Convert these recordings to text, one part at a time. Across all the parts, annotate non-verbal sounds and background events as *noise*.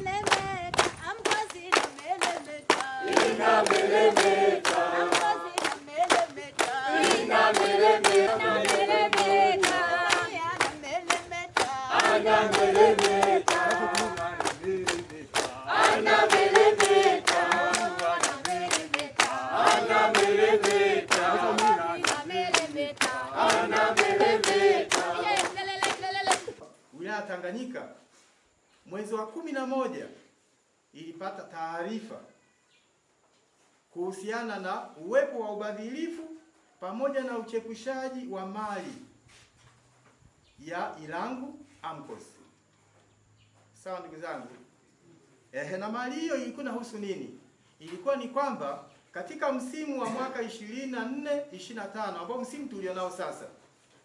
inameleka amkwazi inameleka inameleka mwezi wa kumi na moja ilipata taarifa kuhusiana na uwepo wa ubadhilifu pamoja na uchepushaji wa mali ya Ilangu AMCOS. Sawa ndugu zangu. Ehe, na mali hiyo ilikuwa inahusu nini? Ilikuwa ni kwamba katika msimu wa mwaka 24 25 ambao msimu tulionao sasa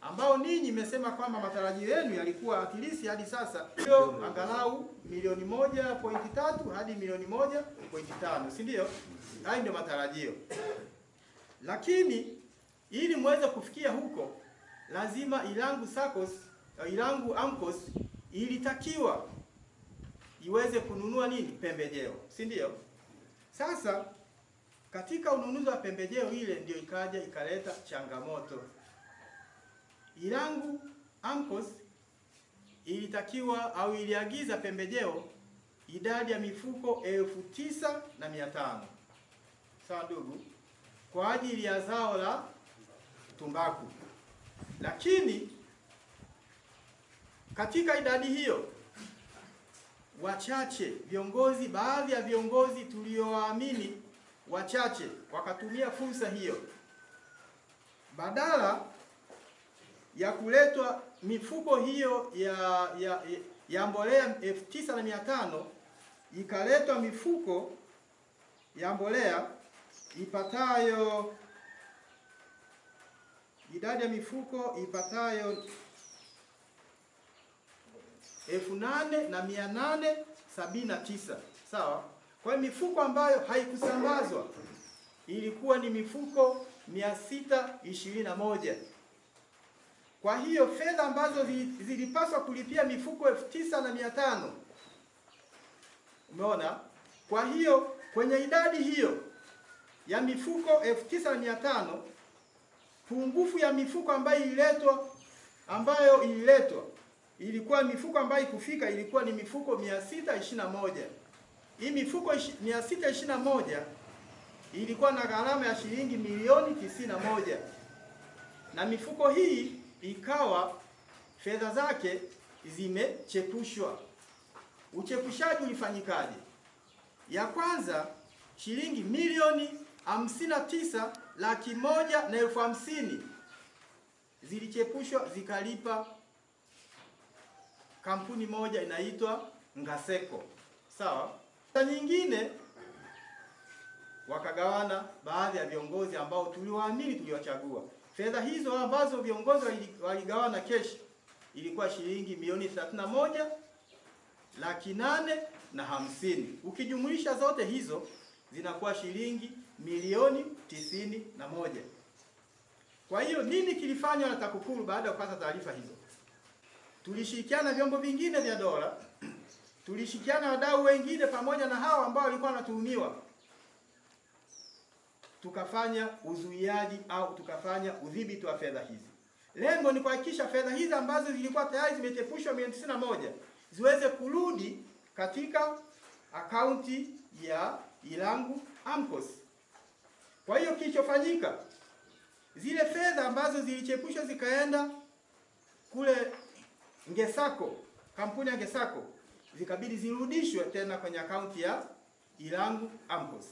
ambao ninyi mmesema kwamba matarajio yenu yalikuwa akilisi hadi sasa hiyo angalau milioni moja pointi tatu hadi milioni moja pointi tano si ndio? Hayo ndio matarajio, lakini ili muweze kufikia huko lazima Ilangu SACCOS, eh, Ilangu AMCOS ilitakiwa iweze kununua nini? Pembejeo, si ndio? Sasa katika ununuzi wa pembejeo ile ndio ikaja ikaleta changamoto. Irangu AMCOS ilitakiwa au iliagiza pembejeo idadi ya mifuko elfu tisa na mia tano sawa ndugu, kwa ajili ya zao la tumbaku, lakini katika idadi hiyo wachache viongozi, baadhi ya viongozi tuliowaamini wachache wakatumia fursa hiyo badala ya kuletwa mifuko hiyo ya ya, ya mbolea elfu tisa na mia tano ikaletwa mifuko ya mbolea ipatayo idadi ya mifuko ipatayo elfu nane na mia nane sabini na tisa sawa. Kwa hiyo mifuko ambayo haikusambazwa ilikuwa ni mifuko mia sita ishirini na moja. Kwa hiyo fedha ambazo zilipaswa kulipia mifuko elfu tisa na mia tano umeona. Kwa hiyo kwenye idadi hiyo ya mifuko elfu tisa na mia tano pungufu ya mifuko ambayo ililetwa ambayo ililetwa ilikuwa mifuko ambayo ikufika ilikuwa ni mifuko 621. Hii mifuko 621 ilikuwa na gharama ya shilingi milioni 91 na mifuko hii ikawa fedha zake zimechepushwa. Uchepushaji ulifanyikaje? Ya kwanza shilingi milioni hamsini na tisa laki moja na elfu hamsini zilichepushwa zikalipa kampuni moja inaitwa Ngaseko, sawa. Sa nyingine wakagawana baadhi ya viongozi ambao tuliwaamini, tuliwachagua. Fedha hizo ambazo viongozi waligawana keshi ilikuwa shilingi milioni 31 laki nane na hamsini. Ukijumuisha zote hizo zinakuwa shilingi milioni tisini na moja. Kwa hiyo nini kilifanywa na TAKUKURU baada ya kupata taarifa hizo? Tulishirikiana vyombo vingine vya dola, *clears throat* tulishirikiana wadau wengine pamoja na hao ambao walikuwa wanatuhumiwa tukafanya uzuiaji au tukafanya udhibiti wa fedha hizi. Lengo ni kuhakikisha fedha hizi ambazo zilikuwa tayari zimechepushwa milioni tisini na moja ziweze kurudi katika akaunti ya Ilangu AMCOS. Kwa hiyo kilichofanyika, zile fedha ambazo zilichepushwa zikaenda kule Ngesako, kampuni ya Ngesako, zikabidi zirudishwe tena kwenye akaunti ya Ilangu AMCOS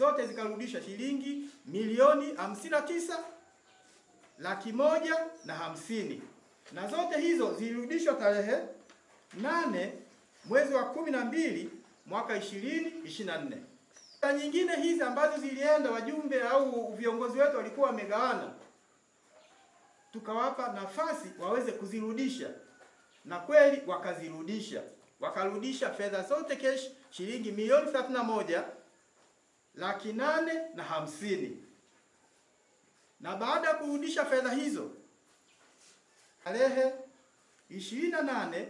zote zikarudisha shilingi milioni hamsini na tisa laki moja na hamsini na zote hizo zilirudishwa tarehe nane mwezi wa kumi na mbili mwaka ishirini ishirini na nne. Na nyingine hizi ambazo zilienda wajumbe au viongozi wetu walikuwa wamegawana, tukawapa nafasi waweze kuzirudisha, na kweli wakazirudisha, wakarudisha fedha zote kesh shilingi milioni 31 laki nane na hamsini na baada ya kurudisha fedha hizo tarehe ishirini na nane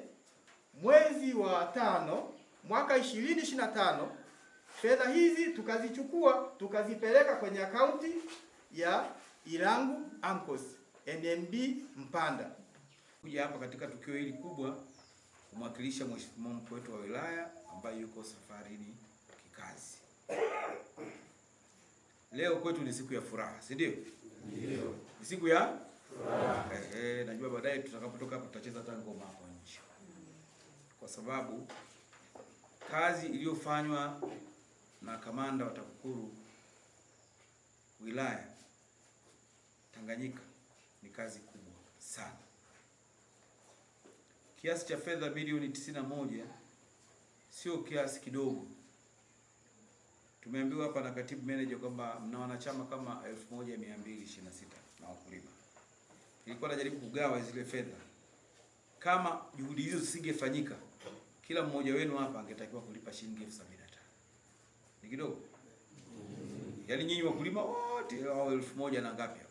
mwezi wa tano mwaka ishirini ishirini na tano fedha hizi tukazichukua tukazipeleka kwenye akaunti ya Ilangu AMCOS NMB Mpanda. Kuja hapa katika tukio hili kubwa kumwakilisha mheshimiwa mkuu wetu wa wilaya ambaye yuko safarini kikazi. Leo kwetu ni siku ya furaha, si ndio? Ndio. Ni siku ya furaha. Eh, eh, najua baadaye tutakapotoka hapa tutacheza hata ngoma hapo nje. Kwa sababu kazi iliyofanywa na kamanda wa TAKUKURU wilaya Tanganyika ni kazi kubwa sana. Kiasi cha fedha bilioni 91 sio kiasi kidogo Tumeambiwa hapa na katibu manager kwamba mna wanachama kama 1226 na wakulima. Nilikuwa najaribu kugawa zile fedha. Kama juhudi hizo zisingefanyika, kila mmoja wenu hapa angetakiwa kulipa shilingi elfu sabini na tano. Ni kidogo? Yaani nyinyi wakulima wote hao elfu moja na ngapi hapo?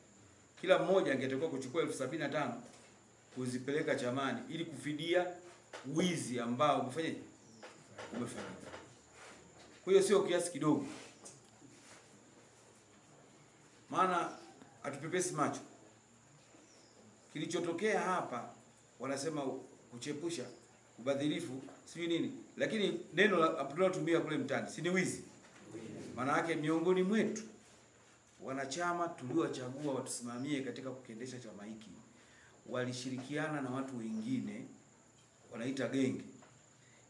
Kila mmoja angetakiwa kuchukua elfu sabini na tano kuzipeleka chamani ili kufidia wizi ambao umefanya umefanyika. Kwa hiyo sio kiasi kidogo, maana hatupepesi macho. Kilichotokea hapa wanasema kuchepusha ubadhirifu, sijui nini, lakini neno tunalotumia kule mtaani si ni wizi? Maana yake miongoni mwetu wanachama tuliowachagua watusimamie katika kukiendesha chama hiki walishirikiana na watu wengine wanaita genge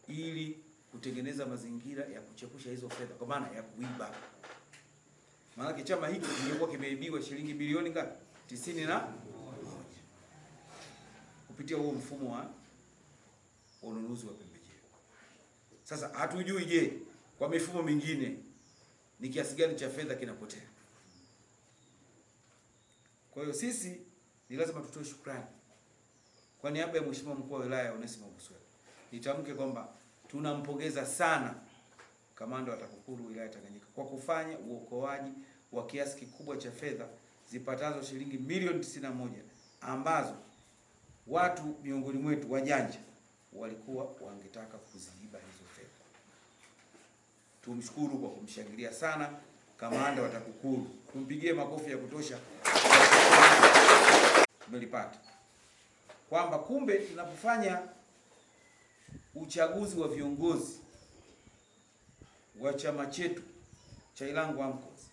ili kutengeneza mazingira ya kuchepusha hizo fedha, kwa maana ya kuiba. Maanake chama hiki kilikuwa kimeibiwa shilingi bilioni ngapi? tisini na moja kupitia huo mfumo wa ununuzi wa pembejeo. Sasa hatujui, je, kwa mifumo mingine ni kiasi gani cha fedha kinapotea? Kwa hiyo sisi ni lazima tutoe shukrani kwa niaba ya Mheshimiwa Mkuu wa Wilaya Onesimo Buswelo, nitamke kwamba Tunampongeza sana kamanda wa TAKUKURU wilaya Tanganyika kwa kufanya uokoaji wa kiasi kikubwa cha fedha zipatazo shilingi milioni 91 ambazo watu miongoni mwetu wajanja walikuwa wangetaka kuziiba hizo fedha. Tumshukuru kwa kumshangilia sana kamanda wa TAKUKURU, tumpigie makofi ya kutosha. Tumelipata kwamba kumbe tunapofanya uchaguzi wa viongozi wa chama chetu cha Ilangu AMCOS,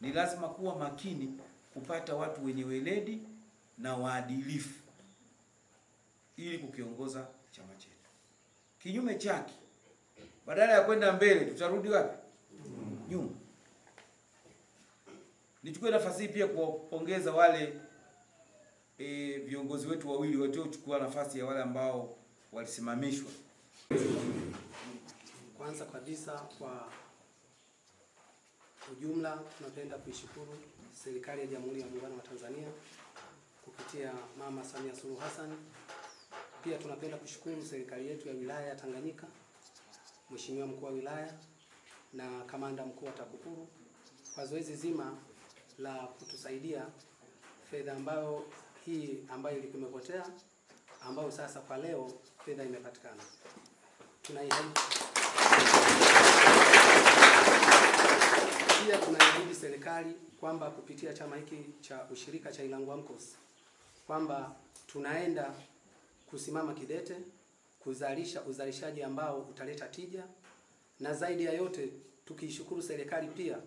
ni lazima kuwa makini kupata watu wenye weledi na waadilifu ili kukiongoza chama chetu. Kinyume chake, badala ya kwenda mbele tutarudi wapi? Nyuma. Nichukue nafasi hii pia kuwapongeza wale e, viongozi wetu wawili waliochukua nafasi ya wale ambao walisimamishwa. Kwanza kabisa kwa ujumla, tunapenda kuishukuru serikali ya Jamhuri ya Muungano wa Tanzania kupitia Mama Samia Suluhu Hassan. Pia tunapenda kushukuru serikali yetu ya wilaya ya Tanganyika, Mheshimiwa mkuu wa wilaya na kamanda mkuu wa TAKUKURU kwa zoezi zima la kutusaidia fedha ambayo hii ambayo ilikuwa imepotea ambayo sasa kwa leo fedha imepatikana pia tunaiahidi serikali kwamba kupitia chama hiki cha ushirika cha ilanguamkos kwamba tunaenda kusimama kidete kuzalisha uzalishaji ambao utaleta tija, na zaidi ya yote tukiishukuru serikali pia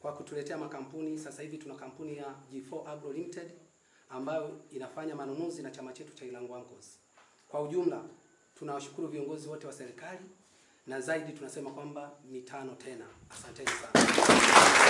kwa kutuletea makampuni. Sasa hivi tuna kampuni ya G4 Agro Limited ambayo inafanya manunuzi na chama chetu cha Ilanguamkos kwa ujumla. Tunawashukuru viongozi wote wa serikali na zaidi tunasema kwamba mitano tena. Asanteni sana.